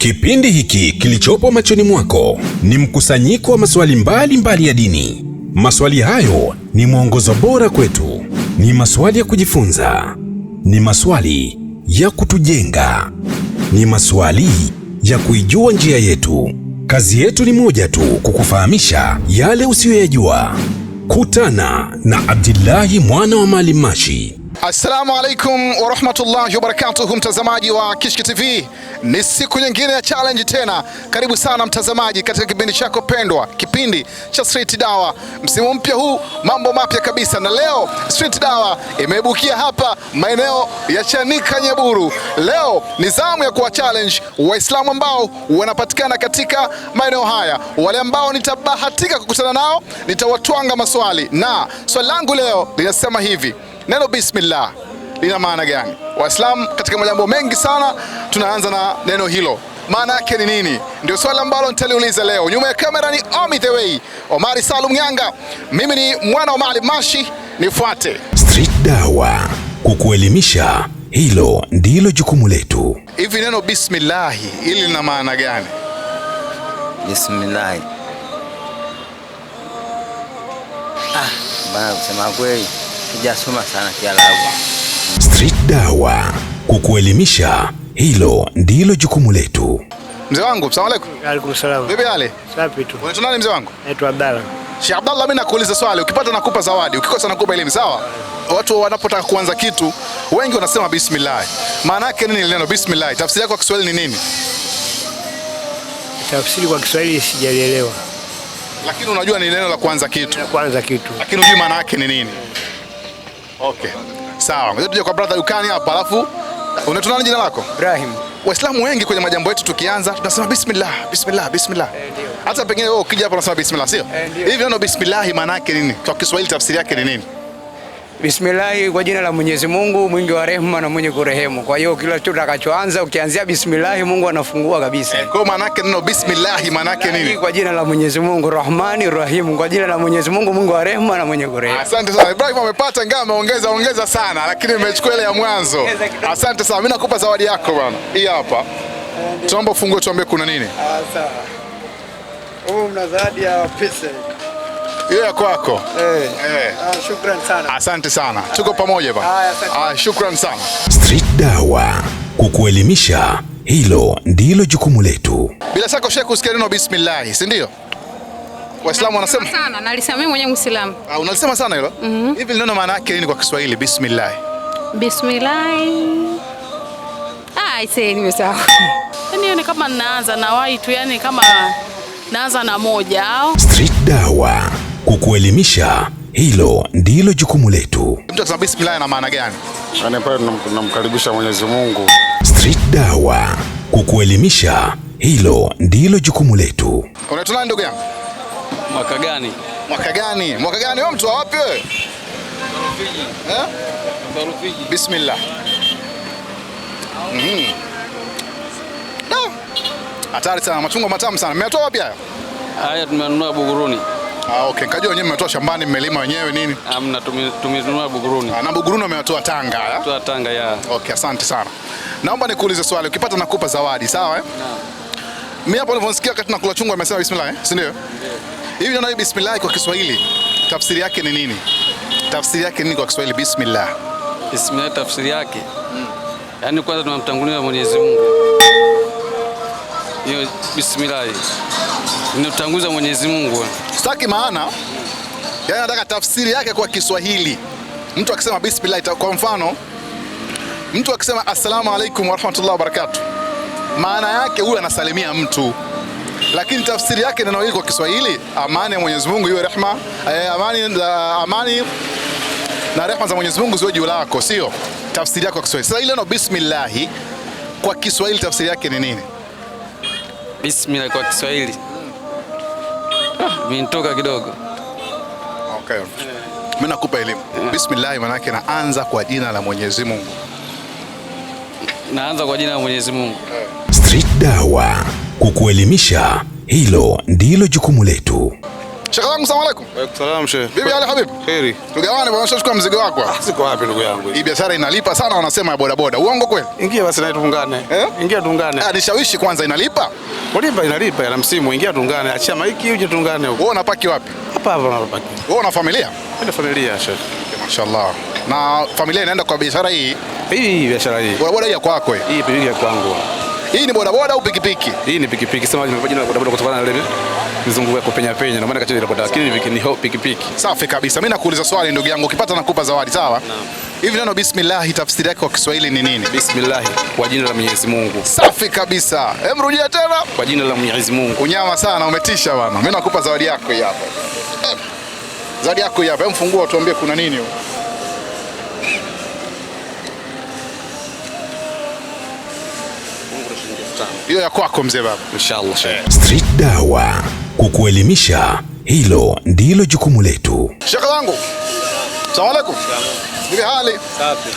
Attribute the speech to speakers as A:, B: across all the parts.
A: Kipindi hiki kilichopo machoni mwako ni mkusanyiko wa maswali mbalimbali mbali ya dini. Maswali hayo ni mwongozo bora kwetu, ni maswali ya kujifunza, ni maswali ya kutujenga, ni maswali ya kuijua njia yetu. Kazi yetu ni moja tu, kukufahamisha yale usiyoyajua. Kutana na Abdillahi mwana wa Maalim Mashi
B: Assalamu alaikum warahmatullahi wabarakatuhu, mtazamaji wa Kishki TV, ni siku nyingine ya challenge tena. Karibu sana mtazamaji katika kipindi chako pendwa, kipindi cha Street Dawa. Msimu mpya huu, mambo mapya kabisa, na leo Street Dawa imeibukia hapa maeneo ya Chanika nyeburu Leo ni zamu ya kuwa challenge Waislamu ambao wanapatikana katika maeneo haya. Wale ambao nitabahatika kukutana nao, nitawatwanga maswali, na swali langu leo linasema hivi Neno bismillah lina maana gani? Waislamu katika majambo mengi sana tunaanza na neno hilo. Maana yake ni nini? Ndio swali ambalo nitaliuliza leo. Nyuma ya kamera ni Omi the way, Omari Salum Nyanga. Mimi ni mwana wa Maalim Mashi, nifuate.
A: Street Dawa kukuelimisha, hilo ndilo jukumu letu.
B: Hivi neno bismillahi ili lina maana gani?
C: Bismillahi. Ah, bana kusema kweli sijasoma sana Kiarabu.
A: Street Dawa, kukuelimisha, hilo ndilo jukumu letu.
B: Mzee wangu, asalamu alaykum.
C: Wa alaykum salaam. Bibi Ali. Safi tu.
B: Unaitwa nani mzee wangu? Naitwa Abdalla. Sheikh Abdalla, mimi nakuuliza swali, ukipata nakupa zawadi, ukikosa nakupa elimu, sawa? Watu wanapotaka kuanza kitu wengi wanasema bismillah. Maana yake nini neno bismillah? Tafsiri yako kwa Kiswahili ni nini?
C: Tafsiri kwa Kiswahili sijalielewa.
B: Lakini unajua ni neno la kuanza kitu. La
C: kuanza kitu.
B: Lakini unajua maana yake ni nini? Okay. Sawa. Ngoja tuje kwa brother dukani hapa alafu unaitwa nani jina lako? Ibrahim. Waislamu wengi kwenye majambo yetu tukianza tunasema bismillah, bismillah, bismillah. Eh, Hata pengine wewe ukija hapa unasema bismillah, sio? Eh, Hivi neno bismillah maana yake nini? Kwa Kiswahili tafsiri yake ni nini?
C: Bismillahi, kwa jina la Mwenyezi Mungu mwingi wa rehema na mwenye kurehemu. Kwa hiyo kila kitu utakachoanza ukianzia bismillahi, Mungu anafungua kabisa.
B: Kwa maana yake neno bismillahi maana yake nini?
C: Kwa jina la Mwenyezi Mungu Rahmani Rahim, kwa jina la Mwenyezi Mungu mwingi wa rehema na mwenye kurehemu.
B: Asante sana Ibrahim, amepata ngao, ameongeza ongeza sana, lakini nimechukua ile ya mwanzo. Asante sana, mimi nakupa zawadi yako bwana. Hii hapa Tuombe ufungue, tuombe kuna nini.
D: Ah, sawa. Huu mna zawadi ya pesa.
B: Ile ya kwako.
D: Eh. Eh. Ah, shukrani sana.
B: Asante sana. Tuko pamoja
D: ba. Ah, shukrani sana.
A: Street Dawa kukuelimisha, hilo ndilo jukumu letu.
B: Bila shaka shekhu usikia neno bismillah, si ndio? Waislamu wanasema
E: sana, nalisema mimi mwenyewe Muislamu.
B: Ah, unalisema sana hilo? Mm-hmm. Hivi neno maana yake nini kwa Kiswahili bismillah?
E: Bismillah. Ah, ise ni sawa. Yaani kama naanza na wai tu, yani kama naanza na moja au
A: Street Dawa kukuelimisha. Hilo ndilo jukumu letu.
B: Mtu atasema bismillah ana maana gani?
D: Yaani pale Tunamkaribisha Mwenyezi Mungu.
A: Street Dawa kukuelimisha, hilo ndilo jukumu letu.
B: Unaitwa nani ndugu yangu? Mwaka gani? Mwaka gani? Mwaka gani wewe mtu wa wapi wewe? Eh? Barufiji. Bismillah. Mhm. Hatari sana, machungwa matamu sana. Mmetoa wapi haya?
C: Haya tumenunua Buguruni.
B: Ah, okay. Kaji wenyewe mmetoa shambani mmelima wenyewe nini?
C: Hamna, ah, tumezinunua Buguruni.
B: Ah, na Buguruni ametoa Tanga.
C: Ametoa Tanga ya.
B: Okay, asante sana. Naomba nikuulize swali, ukipata nakupa zawadi, sawa eh? Naam. Mimi hapo nilivyosikia wakati nakula chungwa nimesema bismillah, eh? Si ndio? Hivi ndio bismillah kwa Kiswahili tafsiri yake ni nini? Tafsiri yake nini kwa Kiswahili bismillah?
C: Bismillah tafsiri yake? Mm. Yaani kwanza tunamtangulia Mwenyezi Mungu. Hiyo bismillah. Inatanguliza Mwenyezi Mungu.
B: Sitaki maana, yani nataka tafsiri yake kwa Kiswahili. Mtu akisema bismillah, kwa mfano mtu akisema assalamu alaikum warahmatullahi wabarakatuh, maana yake huyu anasalimia mtu, lakini tafsiri yake neno hili kwa Kiswahili, amani ya Mwenyezi Mungu iwe rehma, e, amani, amani na rehma za Mwenyezi Mungu ziwe juu lako, sio tafsiri yake kwa Kiswahili. Sasa ile neno bismillah kwa Kiswahili tafsiri yake ni nini?
C: Bismillah kwa Kiswahili minitoka kidogo.
B: Okay. Mimi nakupa elimu. Bismillah, manake naanza kwa jina la Mwenyezi Mungu.
C: Naanza kwa jina la Mwenyezi Mungu.
A: Street Dawa kukuelimisha, hilo ndilo jukumu letu.
B: Sheikh wangu, salamu alaykum. Wa
F: alaykum salam Sheikh. Bibi Ali habibi? Kheri.
B: Tugawane bwana, shachukua mzigo wako hapa.
F: Ah, siko wapi ndugu yangu.
B: Hii biashara inalipa sana wanasema ya boda boda. Uongo kweli? Ingia basi na Eh?
F: Ingia tuungane.
B: Ah, nishawishi kwanza inalipa?
F: Kulipa inalipa ya msimu, ingia tuungane. Achia maiki uje tuungane huko.
B: Wewe unapaki wapi?
F: Hapa hapa unapaki.
B: Wewe una familia?
F: Nina familia Sheikh.
B: Mashaallah. Na familia inaenda kwa biashara hii?
F: Hii hii biashara hii. Boda
B: boda ya kwako
F: hii. Hii ya kwangu.
B: Hii ni boda boda au pikipiki?
F: Hii ni pikipiki. Sema jina la boda boda kutokana na ile mizunguko ya kupenya penya, ndio maana kacheza kwa akili ni piki piki.
B: Safi kabisa. Mimi nakuuliza swali ndugu yangu, ukipata nakupa zawadi, sawa? Naam. Hivi neno bismillah tafsiri yake kwa Kiswahili ni nini?
F: Bismillah, kwa jina la Mwenyezi Mungu.
B: Safi kabisa. Hem, rudia tena.
F: Kwa jina la Mwenyezi Mungu.
B: Unyama sana, umetisha bwana. Mimi nakupa zawadi yako hii hapa. Zawadi yako hii hapa. Hem, fungua tuambie kuna nini huko. Hiyo ya kwako mzee baba.
F: Inshallah.
A: Street Daawah kukuelimisha. Hilo ndilo jukumu letu.
B: Shekhe wangu, salamu alaykum. Ile hali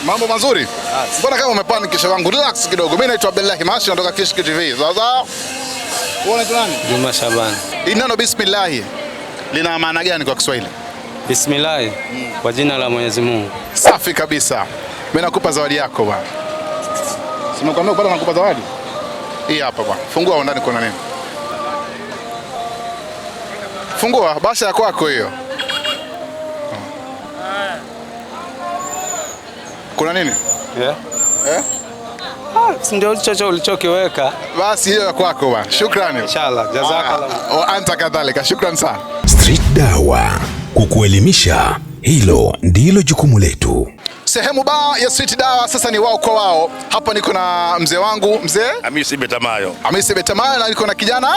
B: mambo mazuri. Mbona kama umepani kesha wangu, relax kidogo. Mimi naitwa Abdullahi Mashi natoka Kishki TV. Sasa uone tu
C: Juma Shabani.
B: Inano bismillahi lina maana gani kwa Kiswahili?
C: Bismillahi, hmm. kwa jina la Mwenyezi Mungu.
B: Safi kabisa. Mimi nakupa zawadi yako bwana. Simekwambia bado nakupa zawadi? Hii hapa bwana. Fungua ndani kuna nini? Fungua basi ya kwako hiyo. Kuna nini? Yeah. Eh?
C: Ah, ndio chocho ulichokiweka.
B: Basi hiyo ya kwako bwana. Shukrani.
C: Inshallah. Jazakallah.
B: Ah, oh, Anta kadhalika. Shukrani sana.
A: Street Dawa kukuelimisha, hilo ndilo jukumu letu.
B: Sehemu ba ya Street Dawa sasa ni wao kwa wao. Hapa niko na mzee wangu mzee
G: Hamisi Betamayo.
B: Hamisi Betamayo na niko na kijana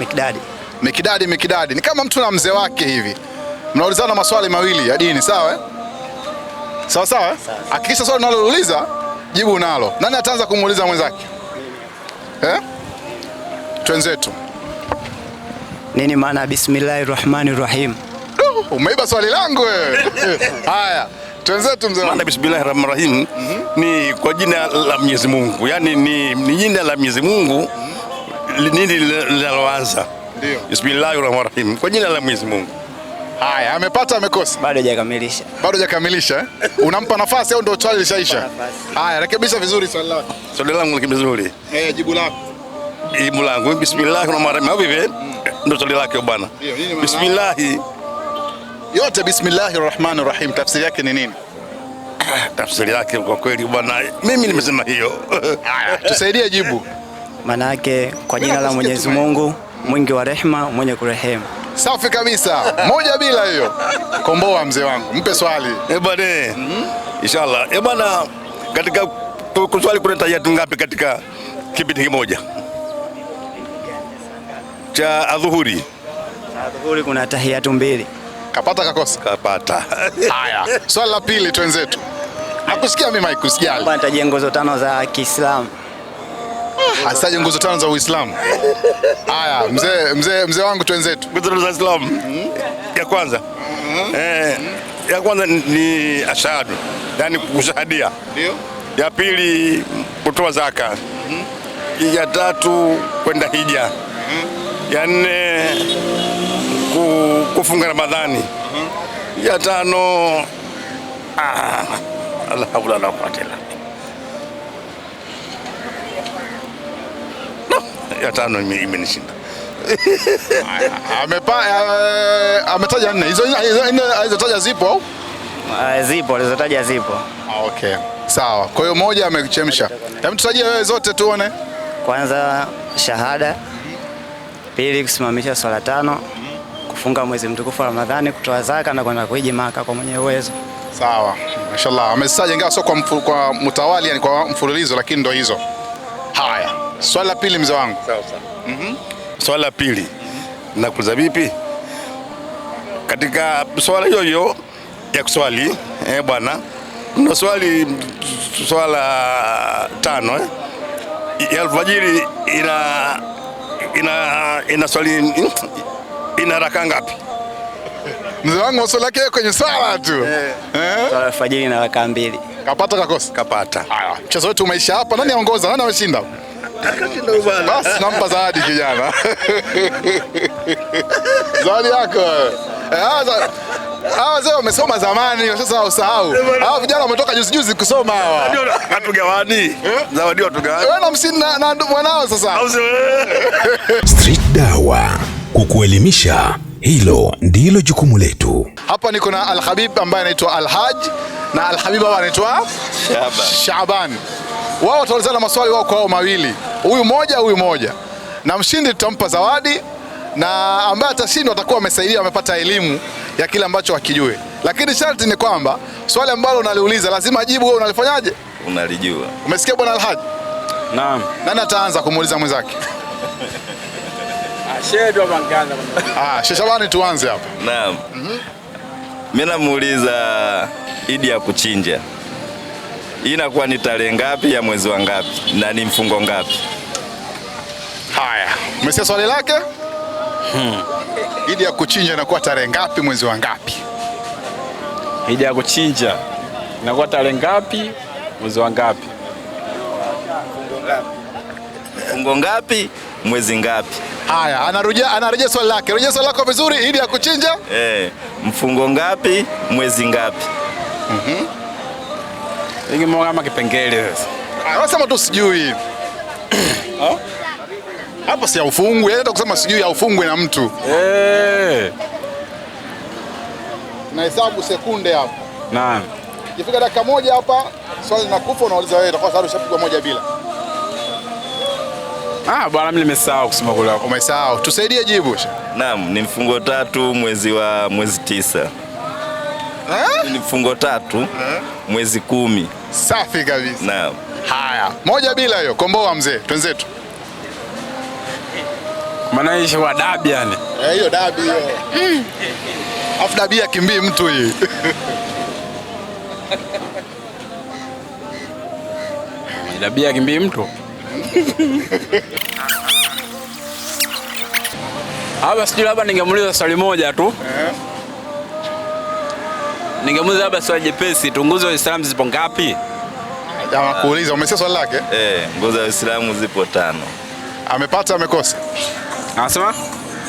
B: Mikdadi. Mikidadi, Mikidadi ni kama mtu na mzee wake hivi, mnaulizana maswali mawili ya dini, sawa eh? Sawa eh? sawa. Hakikisha swali unalouliza jibu unalo. Nani ataanza kumuuliza mwenzake eh? Twenzetu,
C: nini maana bismillahi rahmani rahim?
B: Uh, umeiba swali langu wewe. Eh. Haya, twenzetu mzee.
G: Maana bismillahi rahmani rahim mhm. ni kwa jina la Mwenyezi Mungu, yaani ni, ni jina la Mwenyezi Mungu mhm. nini linaloanza ndio. Bismillahir Rahmanir Rahim. Kwa jina la Mwenyezi Mungu.
B: Haya, amepata amekosa?
H: Bado hajakamilisha.
B: Bado hajakamilisha eh? Unampa nafasi au ndio swali ishaisha? Haya, rekebisha vizuri swali lako.
G: Swali langu ni vizuri.
H: Eh, jibu lako.
G: Jibu langu bismillahir rahmanir rahim. Hivi mm. ndio swali lako bwana. Bismillah.
B: Yote bismillahir rahmanir rahim. Tafsiri yake ni nini?
G: Tafsiri yake kwa kweli bwana, mimi nimesema hiyo.
B: Tusaidie jibu.
H: Maana yake kwa jina la Mwenyezi Mungu. Mungu mwingi wa rehema, mwenye kurehemu.
B: Safi kabisa, moja bila hiyo. Komboa mzee wangu, mpe swali
G: eh, bwana. mm -hmm. Inshallah eh, bwana, katika kuswali kuna tahiyatu ngapi katika kipindi kimoja cha adhuhuri?
H: Adhuhuri kuna tahiyatu mbili.
B: Kapata kakosa?
G: Kapata.
B: Haya, swali la pili, twenzetu. Nakusikia mimi, Mike, usijali.
H: Nitajenga nguzo tano za Kiislamu.
B: Asitaje nguzo tano za Uislamu. Haya, mzee mzee mzee wangu twenzetu.
G: Nguzo tano za Uislamu. Ya kwanza. Mm-hmm. Eh, ya kwanza ni ashhadu, yani kushahadia. Ndio. Ya pili kutoa zaka. Mm-hmm. Ya tatu kwenda hija. Mm-hmm. Ya nne kufunga Ramadhani. Ya tano ah, la haula wala quwwata illa ya tano imenishinda.
B: Eh, ametaja nne, hizo nne alizotaja zipo au
H: eh, zipo? Alizotaja zipo.
B: Ah, okay, sawa. Kwa hiyo moja amechemsha. Hebu tutajie wewe zote tuone.
H: Kwanza shahada, pili kusimamisha swala tano, kufunga mwezi mtukufu wa Ramadhani, kutoa zaka na kwenda kuiji Maka kwa mwenye uwezo.
B: Sawa, mashallah. Amesitaja ingawa sio kwa mtawali, yani kwa mfululizo, lakini ndo hizo. Haya. Swala la pili mzee wangu. Sawa sawa.
G: Mhm. Swala la pili nakuuliza vipi? Katika swala hiyo hiyo ya kuswali eh, bwana kuna swali swala tano eh? ya alfajiri ina ina ina swali hmm, ina raka ngapi?
B: Mzee wangu swali yake kwenye sala tu. Eh.
H: eh. Swala alfajiri ina raka mbili.
B: Kapata kakosa? Kapata. Haya, mchezo wetu umeisha hapa. Nani aongoza? Nani ameshinda? Basi nampa zawadi kijana. Zawadi yako. Eh, hawa wazee wamesoma zamani, sasa usahau. Hawa vijana wametoka juzi juzi kusoma hawa.
G: Hatugawani. Eh? Zawadi hatugawani.
B: Wewe na msini na mwanao sasa.
A: Street Dawa kukuelimisha hilo ndilo jukumu letu.
B: Hapa niko na Alhabib ambaye anaitwa Alhaj na Alhabib hapa anaitwa Shaban. Wao wataulizana maswali wao kwao mawili, huyu moja, huyu moja, na mshindi tutampa zawadi na ambaye atashindwa atakuwa amesaidia, amepata elimu ya kile ambacho wakijue lakini sharti ni kwamba swali ambalo unaliuliza lazima jibu wewe unalifanyaje,
I: unalijua.
B: Umesikia bwana alhaj Naam. Nani ataanza kumuuliza mwenzake? Ah, Sheikh tuanze hapa.
I: Naam. Mhm. Mimi namuuliza Idi ya kuchinja hii inakuwa ni tarehe ngapi ya mwezi wa ngapi na ni mfungo ngapi?
B: Haya, umesikia swali lake? Hmm. Idi ya kuchinja inakuwa tarehe ngapi mwezi wa ngapi?
I: Idi ya kuchinja inakuwa tarehe ngapi mwezi wa ngapi? Mfungo ngapi? mwezi ngapi?
B: Haya, anarudia anarudia swali lake. rudia swali lako vizuri ili akuchinja.
I: Eh, mfungo ngapi mwezi ngapi? Mhm.
H: Ingemwona kama kipengele sasa.
B: Anasema ah, tu sijui. Oh. Hapo si haufungwi, yaani hata kusema sijui haufungwi na mtu.
I: Eh.
B: Na hesabu sekunde hapo. Naam. Ikifika dakika moja hapa swali linakufa, unauliza wewe itakuwa sasa ushapigwa moja bila. Ah, bwana mimi nimesahau kusema kula. Umesahau. Tusaidie jibu.
I: Naam, ni mfungo tatu mwezi wa mwezi tisa. Eh? Ni mfungo tatu eh? Mwezi kumi.
B: Safi kabisa. Naam. Haya, moja bila hiyo. Komboa mzee, twenzetu.
H: Manaishi wa dabi yani.
B: Eh, hiyo dabi hiyo. Mm. Afu dabi akimbii mtu hii.
H: Dabi akimbii mtu. Hapa sijui labda ningemuuliza swali moja tu. Eh. Ningemuuliza labda swali jepesi, tu nguzo za Uislamu zipo ngapi?
B: Jamaa kuuliza, umesikia swali lake?
I: Eh, nguzo za Uislamu zipo tano.
B: Amepata amekosa? Anasema?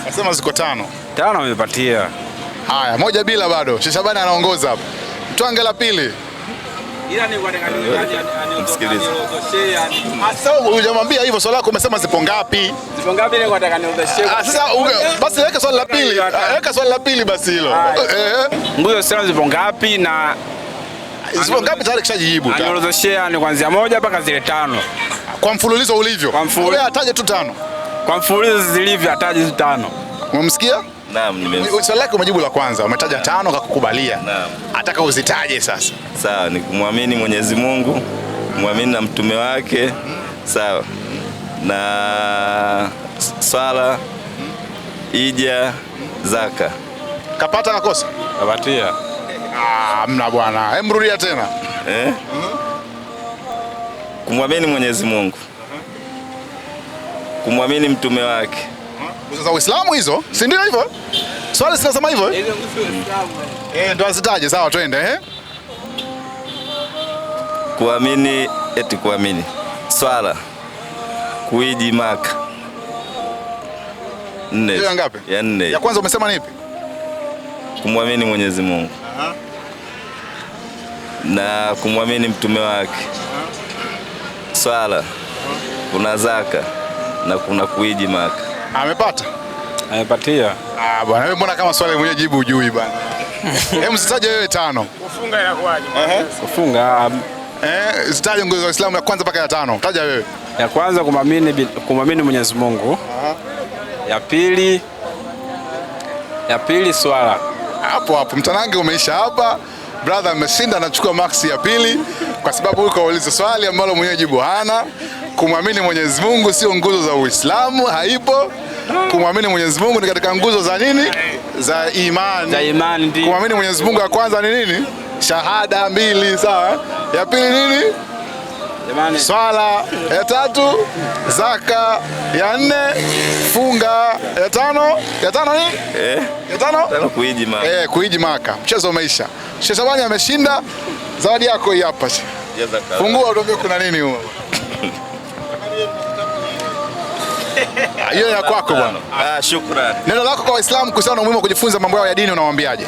B: Anasema ziko tano.
H: Tano amepatia.
B: Haya, moja bila bado. Shishabani anaongoza hapa. Mtwange la pili. Hujamwambia hivyo swali lako, umesema zipo ngapi? Ah, sasa basi weka swali la pili, weka swali la pili basi hilo. Eh,
H: eh. Nguzo sema zipo ngapi na
B: zipo ngapi, tayari kishajibu.
H: Aniorodheshea ni kuanzia moja mpaka zile tano
B: kwa mfululizo ulivyo. Ataje tu tano
H: kwa mfululizo zilivyo, ataje tu tano.
B: Umemsikia?
I: Naam, nimesikia.
B: Swali lako umejibu la kwanza, umetaja tano kakukubalia Naam. Ataka uzitaje sasa?
I: Sawa, ni kumwamini Mwenyezi Mungu, kumwamini na mtume wake. Sawa. Na swala, ija, zaka.
B: Kapata kakosa? Kapatia. Ah, mna bwana. emrudia tena.
I: Eh? Kumwamini Mwenyezi Mungu. Kumwamini mtume wake
B: nguzo za Uislamu hizo, si ndio hivyo? Swali zinasema hivyo eh, eh. eh ndo azitaje. Sawa, twende eh.
I: Kuamini eti kuamini swala kuiji Maka
B: nne ya ngapi? Ya nne. Ya kwanza umesema ni ipi?
I: Kumwamini Mwenyezi Mungu na kumwamini mtume wake swala kuna zaka na kuna kuiji Maka
B: Amepata?
H: Amepatia.
B: Ah bwana, wewe mbona kama swali mwenyewe jibu hujui bwana. Hebu sitaje wewe tano.
H: Kufunga inakuwaje?
B: Eh? Kufunga um, eh, sitaje nguzo za Uislamu ya kwanza mpaka ya tano. Taja wewe.
H: Ya kwanza kumwamini kumamini Mwenyezi Mungu. Ya pili ya pili swala.
B: Hapo hapo mtanange umeisha hapa. Brother ameshinda anachukua maksi ya pili kwa sababu uko uliza swali ambalo mwenyewe jibu hana kumwamini Mwenyezi Mungu sio nguzo za Uislamu, haipo. Kumwamini Mwenyezi Mungu ni katika nguzo za nini? Za imani, za imani. Kumwamini Mwenyezi Mungu ya kwanza ni nini? Shahada mbili, sawa. Ya pili nini? Swala. Ya tatu zaka. Ya nne funga. Ya tano ya tano ni eh, ya tano kuiji Maka, eh, kuiji Maka. Mchezo umeisha. Sheikh Shabani ameshinda. Zawadi yako hii hapa. Fungua utuambie kuna nini huko. Ah, hiyo ya kwako bwana. Ah, shukrani. Neno lako kwa Waislamu kuhusiana na umuhimu wa kujifunza mambo yao ya dini unawaambiaje?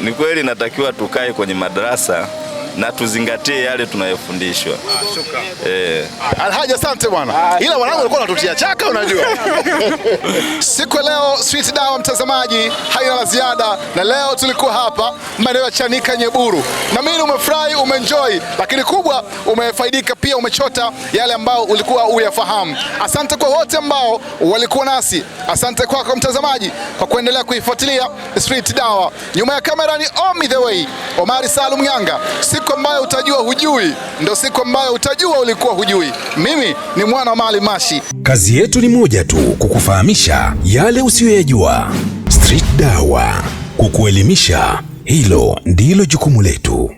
I: Ni kweli natakiwa tukae kwenye madarasa na tuzingatie yale tunayofundishwa.
H: Ah,
I: eh,
B: Alhaji, asante bwana, ah, ila wanangu walikuwa wanatutia chaka, unajua siku ya leo Sweet Dawa mtazamaji haina la ziada, na leo tulikuwa hapa maeneo ya Chanika Nyeburu, na mimi umefurahi, umeenjoy, lakini kubwa umefaidika pia, umechota yale ambayo ulikuwa uyafahamu. Asante kwa wote ambao walikuwa nasi, asante kwako kwa mtazamaji kwa kuendelea kuifuatilia Sweet Dawa. Nyuma ya kamera ni Omi the way Omari Salum Nyanga siku siku ambayo utajua hujui, ndo siku ambayo utajua ulikuwa hujui. Mimi ni mwana wa Mali Mashi.
A: Kazi yetu ni moja tu, kukufahamisha yale usiyoyajua. Street Dawa, kukuelimisha, hilo ndilo jukumu letu.